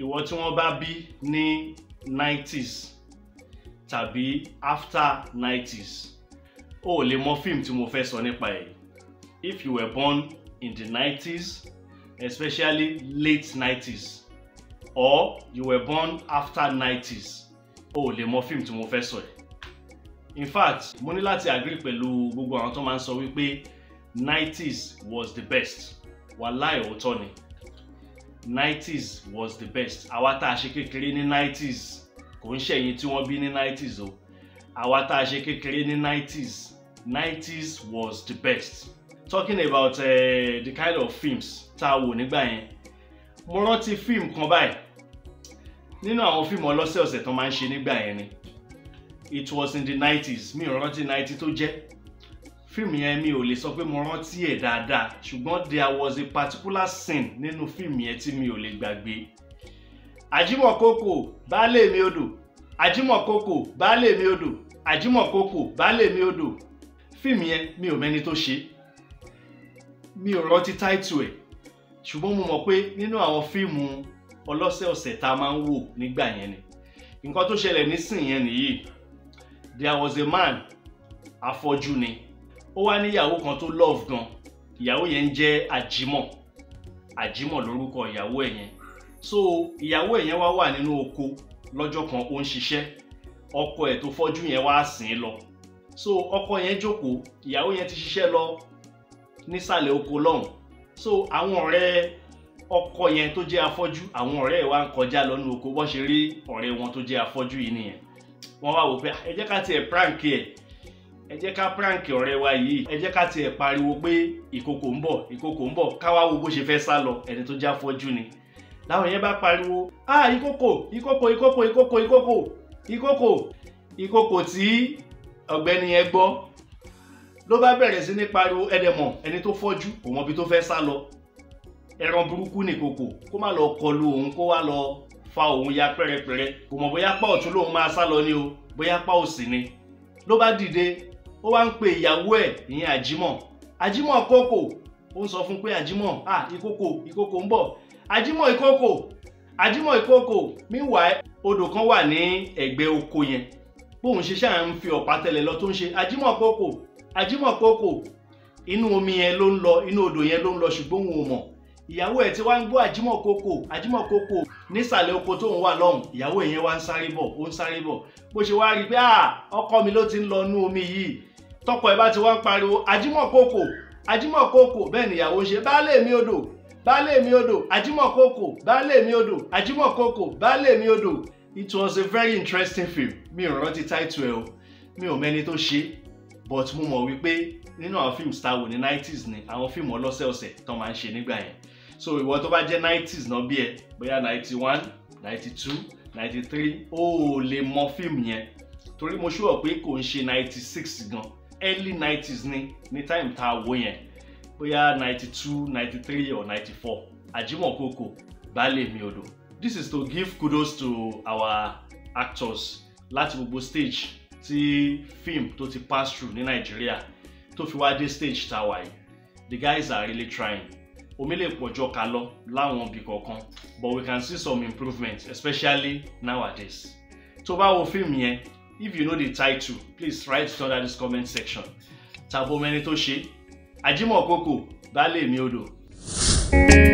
ìwọ tí wọ́n bá bí ní 90s tàbí after 90s o ò lè mọ fíìmù tí mo fẹ́ sọ nípa ẹ̀ if you were born in the 90s especially late 90s or you were born after 90s o ò lè mọ fíìmù tí mo fẹ́ sọ ẹ̀ in fact mo ní láti agree pẹ̀lú gbogbo àwọn tó máa ń sọ wípé 90s was the best wàláì òótọ́ ni. 90s was the best àwa tá a ṣe kékeré ní nineties kò ń ṣẹ̀yìn tí wọ́n bí ní nineties o àwa tá a ṣe kékeré ní 90s was the best talking about uh, the kind of films tá a wò nígbà yẹn mo rántí fíìmù kan báyìí nínú àwọn fíìmù ọlọ́sẹ̀ọ̀sẹ̀ tó máa ń ṣe nígbà yẹn ni it was in the nineties mi ò rántí ninety tó jẹ́ fíìmù yẹn mi ò lè sọ pé mo rántí ẹ̀ dáadáa ṣùgbọ́n there was a particular scene nínú fíìmù yẹn tí mi ò lè gbàgbé. àjímọ̀kókò baálé mi odò àjímọ̀kókò baálé mi odò àjímọ̀kókò baálé mi odò fíìmù yẹn mi ò mẹ́ni tó ṣe mi ò rántí táìtù ẹ̀ ṣùgbọ́n mo mọ̀ pé nínú àwọn fíìmù ọlọ́sẹ̀ọ̀sẹ̀ tá a máa ń wò nígbà yẹn ni nǹkan tó ṣẹlẹ̀ nísìnyẹn nìyí there was a man afọ́jú ni ó wá níyàwó kan tó love gan ìyàwó yẹn ń jẹ́ àjímọ̀ àjímọ̀ lórúkọ ìyàwó ẹ̀ yẹn so ìyàwó ẹ̀ yẹn wá wà nínú oko lọ́jọ́ kan ó ń ṣiṣẹ́ ọkọ ẹ̀ tó fọ́jú yẹn wá sìn lọ so ọkọ yẹn jókòó ìyàwó yẹn ti ṣiṣẹ́ lọ nísàlẹ̀ oko lọ́hùn so àwọn ọ̀rẹ́ ọkọ yẹn tó jẹ́ afọ́jú àwọn ọ̀rẹ́ ẹ̀ wá ń kọjá lọ́nu oko bọ́n ṣe rí ọ̀rẹ́ wọn tó jẹ́ afọ́jú yìí nìyẹn wọ́n wá wò pé ah, ẹ jẹ́ ká tiẹ̀ prank ẹ̀ ẹ jẹ́ ká prank ọ̀rẹ́ wa yìí ẹ jẹ́ ká tiẹ̀ pariwo pé ìkòkò ń bọ̀ ìkòkò ń bọ̀ káwá wo bó ṣe fẹ́ sá lọ ẹni tó já fọ́jú ni láwọn yẹn bá pariwo a ìkòkò ìkòkò ìkòkò ìkòkò ìkòkò ìkòkò ìkòkò tí ọ̀gbẹ́ni yẹn gbọ́ ló bá bẹ̀rẹ̀ sí ní pariwo ẹ̀dẹ̀mọ̀ ẹni tó fọ́jú kò mọ ibi tó fẹ́ sá lọ ẹran burúkú nìkòkò kó má lọ kọlu òun kó wá lọ fa òun ya pẹ́rẹpẹ́rẹ kò mọ̀ bóyá pa ọ̀tún lòun máa sá lọ ni o bóyá pa òsì ni ló bá dìde ó wá ń pe ìyàwó ẹ̀ ìyẹn àjímọ̀ àjímọ̀ kókò ó ń sọ fún pé àjímọ̀ ah ìkókò ìkókò ń bọ̀ àjímọ̀ ìkókò àjímọ̀ ìkókò meanwhile odò kan wà ní ẹ̀gbẹ́ oko yẹn bóun ṣe ṣáà ń fi ọ̀pá tẹ̀lẹ̀ lọ tó ń ṣe àjímọ̀ kókò àjímọ̀ kókò inú omi yẹn ló ń lọ inú odò yẹn ló ń lọ ṣùgbọ́n òun ò mọ̀ ìyàwó ẹ̀ ti wá ń gbọ́ àjímọ̀ kókò àjímọ̀ kókò nísàlẹ̀ oko tóun wà lọ́hùn ìyàwó ẹ̀ wá ń sáré bọ̀ ó ń sáré bọ̀ bó ṣe wá rí i pé ọkọ mi ló ti ń lọ inú omi yìí tọkọ ẹ bá ti wá ń pariwo ajímọ̀kòkò ajímọ̀kòkò bẹ́ẹ̀ nìyàwó ń ṣe baálé mi odò baálé mi odò ajímọ̀kòkò baálé mi odò ajímọ̀kòkò baálé mi odò it was a very interesting film mi ò rántí title ẹ o mi ò mẹ́ni tó ṣe but mo mọ̀ wípé nínú àwọn fíìmù star wò ní 90s ni àwọn fíìmù ọlọ́sẹ̀ọ̀sẹ̀ tán máa ń ṣe nígbà yẹn so ìwọ tó bá jẹ́ 90s náà bí ẹ bóyá 91 92 93 ó lè mọ fíìmù yẹn torí mo ṣúwọ̀ pé kò ń ṣe 96 gan early 90s ni ni time tá a wo yẹn bóyá 92 93 or 94 Ajimokoko baálé mi odò this is to give kudos to our actors láti gbogbo stage tí film tó ti pass through ní Nigeria, tó fi wá dé stage tá a the guys are really trying omi lè pọ̀jọ́ ka lọ láwọn ibì kọ̀ọ̀kan but we can see some improvement especially nowadays tó bá wo fíìmù yẹn if you know the title please write it under this comment section tàbí omi ẹni tó ṣe Ajimokoko baálé mi thank you